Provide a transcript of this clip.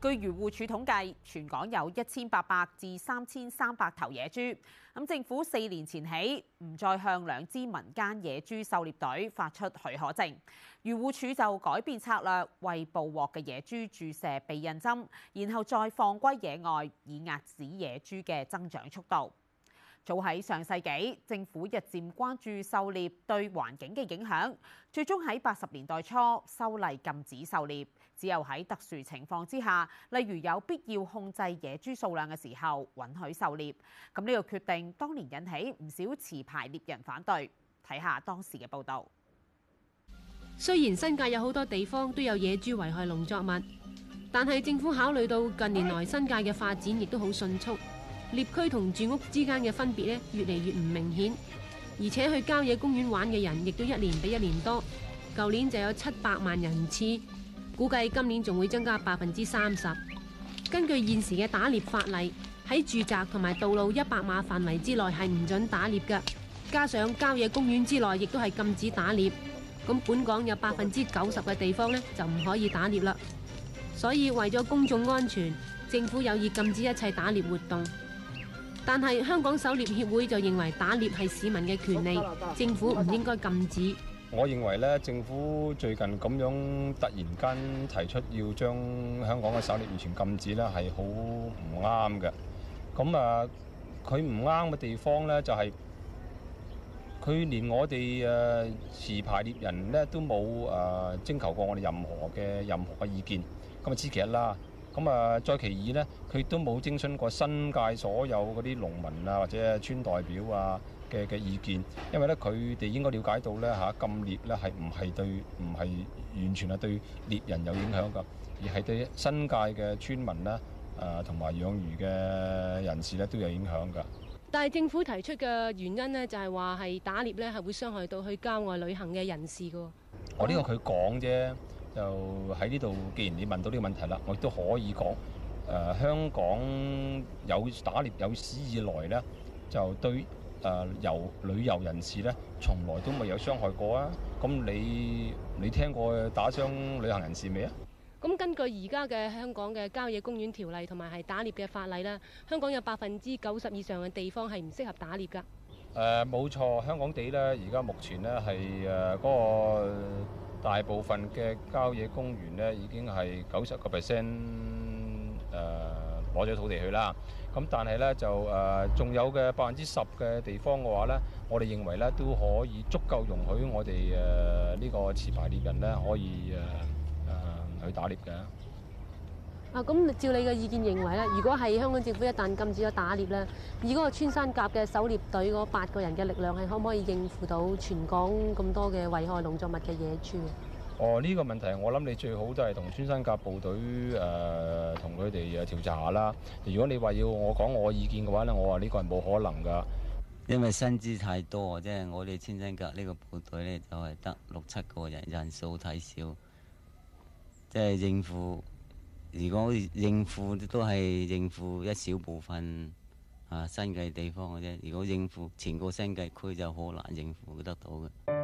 據漁護署統計，全港有一千八百至三千三百頭野豬。咁政府四年前起，唔再向兩支民間野豬狩獵獵隊發出許可證。漁護署就改變策略，為捕獲嘅野豬注射避孕針，然後再放歸野外，以壓止野豬嘅增長速度。早喺上世紀，政府日漸關注狩獵對環境嘅影響，最終喺八十年代初修例禁止狩獵，只有喺特殊情況之下，例如有必要控制野豬數量嘅時候，允許狩獵。咁呢個決定當年引起唔少持牌獵人反對。睇下當時嘅報導。雖然新界有好多地方都有野豬危害農作物，但係政府考慮到近年來新界嘅發展亦都好迅速。獵區同住屋之間嘅分別咧，越嚟越唔明顯，而且去郊野公園玩嘅人亦都一年比一年多。舊年就有七百萬人次，估計今年仲會增加百分之三十。根據現時嘅打獵法例，喺住宅同埋道路一百碼範圍之內係唔準打獵㗎，加上郊野公園之內亦都係禁止打獵。咁本港有百分之九十嘅地方咧就唔可以打獵啦，所以為咗公眾安全，政府有意禁止一切打獵活動。但係香港狩獵協會就認為打獵係市民嘅權利，政府唔應該禁止。我認為咧，政府最近咁樣突然間提出要將香港嘅狩獵完全禁止咧，係好唔啱嘅。咁啊，佢唔啱嘅地方咧就係、係、佢連我哋誒、啊、持牌獵人咧都冇誒、啊、徵求過我哋任何嘅任何嘅意見，咁啊，知其一啦。咁啊，再其二呢，佢都冇徵詢過新界所有嗰啲農民啊或者村代表啊嘅嘅意見，因為呢佢哋應該瞭解到呢嚇禁獵呢係唔係對唔係完全係對獵人有影響㗎，而係對新界嘅村民呢啊同埋養魚嘅人士呢都有影響㗎。但係政府提出嘅原因呢就係話係打獵呢係會傷害到去郊外旅行嘅人士㗎。我呢個佢講啫。就喺呢度，既然你問到呢個問題啦，我亦都可以講誒。香港有打獵有史以來咧，就對誒遊旅遊人士咧，從來都未有傷害過啊。咁你你聽過打傷旅行人士未啊？咁根據而家嘅香港嘅郊野公園條例同埋係打獵嘅法例咧，香港有百分之九十以上嘅地方係唔適合打獵噶。誒冇錯，香港地咧，而家目前咧係誒嗰個。大部分嘅郊野公園咧，已經係九十個 percent 誒攞咗土地去啦。咁但係咧就誒，仲有嘅百分之十嘅地方嘅話咧，我哋認為咧都可以足夠容許我哋誒呢個持牌獵人咧可以誒誒去打獵嘅。咁照、嗯、你嘅意見認為咧，如果係香港政府一旦禁止咗打獵咧，以嗰個穿山甲嘅狩獵隊嗰八個人嘅力量係可唔可以應付到全港咁多嘅危害農作物嘅野豬？哦，呢、這個問題我諗你最好就係同穿山甲部隊誒同佢哋誒調查下啦。如果你話要我講我意見嘅話咧，我話呢個係冇可能㗎，因為薪資太多，即、就、係、是、我哋穿山甲呢個部隊咧就係、是、得六七個人，人數太少，即、就、係、是、應付。如果應付都係應付一小部分啊新界地方嘅啫，如果應付全個新界區就好難應付得到嘅。